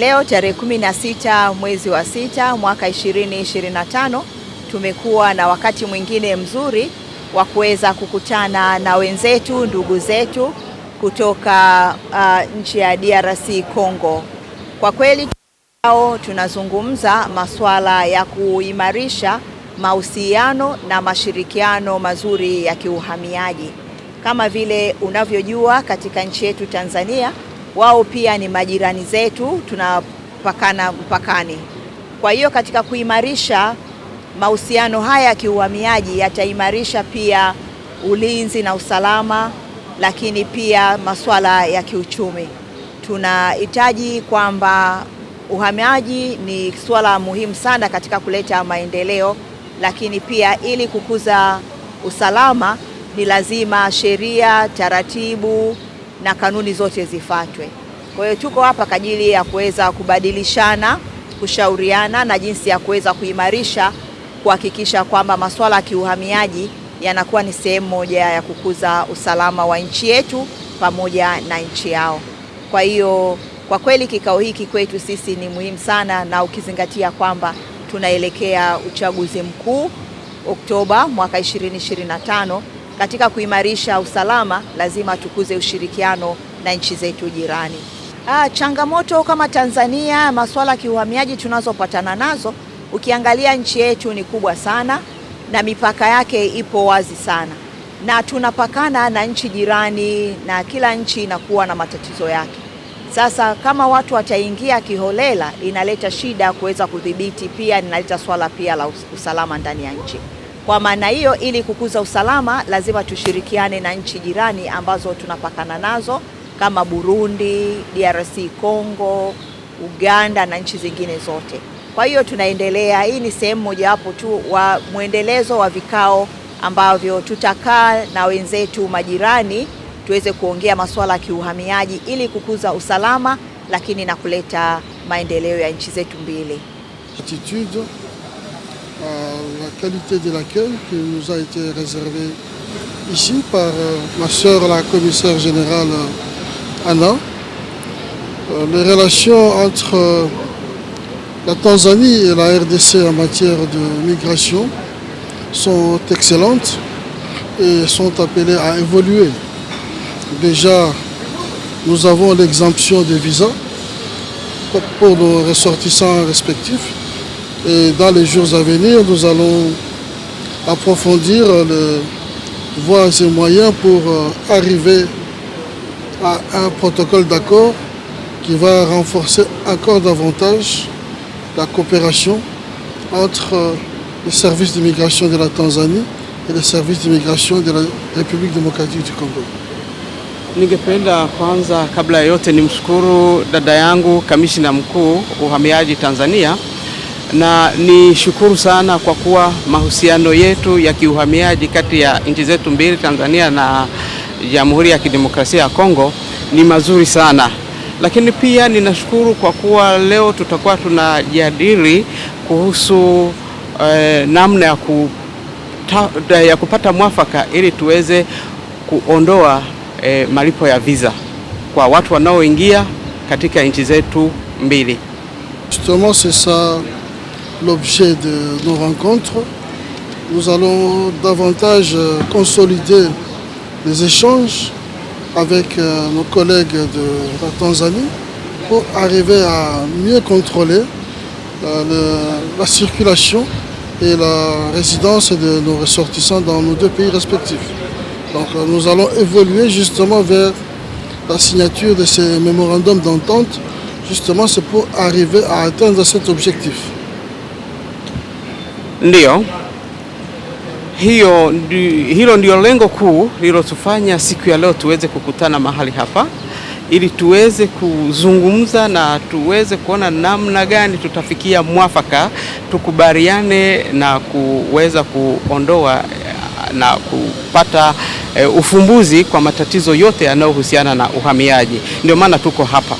Leo tarehe 16 mwezi wa sita mwaka 2025 tumekuwa na wakati mwingine mzuri wa kuweza kukutana na wenzetu, ndugu zetu kutoka uh, nchi ya DRC Congo. Kwa kweli ao tunazungumza masuala ya kuimarisha mahusiano na mashirikiano mazuri ya kiuhamiaji. Kama vile unavyojua katika nchi yetu Tanzania wao pia ni majirani zetu, tunapakana mpakani. Kwa hiyo katika kuimarisha mahusiano haya ya kiuhamiaji yataimarisha pia ulinzi na usalama, lakini pia masuala ya kiuchumi. Tunahitaji kwamba uhamiaji ni suala muhimu sana katika kuleta maendeleo, lakini pia ili kukuza usalama ni lazima sheria, taratibu na kanuni zote zifatwe Kwa hiyo tuko hapa kwa ajili ya kuweza kubadilishana, kushauriana na jinsi ya kuweza kuimarisha, kuhakikisha kwamba masuala ya kiuhamiaji yanakuwa ni sehemu moja ya kukuza usalama wa nchi yetu pamoja na nchi yao. Kwa hiyo kwa kweli kikao hiki kwetu sisi ni muhimu sana, na ukizingatia kwamba tunaelekea uchaguzi mkuu Oktoba mwaka 2025 katika kuimarisha usalama, lazima tukuze ushirikiano na nchi zetu jirani. Ah, changamoto kama Tanzania, masuala ya kiuhamiaji tunazopatana nazo, ukiangalia nchi yetu ni kubwa sana na mipaka yake ipo wazi sana, na tunapakana na nchi jirani, na kila nchi inakuwa na matatizo yake. Sasa kama watu wataingia kiholela, inaleta shida kuweza kudhibiti, pia inaleta swala pia la usalama ndani ya nchi. Kwa maana hiyo, ili kukuza usalama, lazima tushirikiane na nchi jirani ambazo tunapakana nazo kama Burundi, DRC Congo, Uganda na nchi zingine zote. Kwa hiyo tunaendelea, hii ni sehemu mojawapo tu wa mwendelezo wa vikao ambavyo tutakaa na wenzetu majirani tuweze kuongea masuala ya kiuhamiaji ili kukuza usalama, lakini na kuleta maendeleo ya nchi zetu mbili. Chichizo. à la qualité de l'accueil qui nous a été réservée ici par euh, ma sœur, la commissaire générale euh, Anna. Euh, les relations entre la Tanzanie et la RDC en matière de migration sont excellentes et sont appelées à évoluer. Déjà, nous avons l'exemption des visas pour nos ressortissants respectifs. Et dans les jours à venir, nous allons approfondir le, voies et moyens pour euh, arriver à un protocole d'accord qui va renforcer encore davantage la coopération entre euh, les services d'immigration de la Tanzanie et les services d'immigration de la République démocratique du Congo. na ni shukuru sana kwa kuwa mahusiano yetu ya kiuhamiaji kati ya nchi zetu mbili, Tanzania na Jamhuri ya Kidemokrasia ya Kongo ni mazuri sana, lakini pia ninashukuru kwa kuwa leo tutakuwa tunajadili kuhusu eh, namna ya, kuta, ya kupata mwafaka ili tuweze kuondoa eh, malipo ya visa kwa watu wanaoingia katika nchi zetu mbili. Justement c'est ça l'objet de nos rencontres. Nous allons davantage euh, consolider les échanges avec euh, nos collègues de la Tanzanie pour arriver à mieux contrôler euh, la circulation et la résidence de nos ressortissants dans nos deux pays respectifs. Donc nous allons évoluer justement vers la signature de ces mémorandums d'entente. Justement, c'est pour arriver à atteindre cet objectif. Ndiyo, hiyo hilo ndio lengo kuu lilotufanya siku ya leo tuweze kukutana mahali hapa ili tuweze kuzungumza na tuweze kuona namna gani tutafikia mwafaka, tukubaliane na kuweza kuondoa na kupata e, ufumbuzi kwa matatizo yote yanayohusiana na uhamiaji. Ndio maana tuko hapa.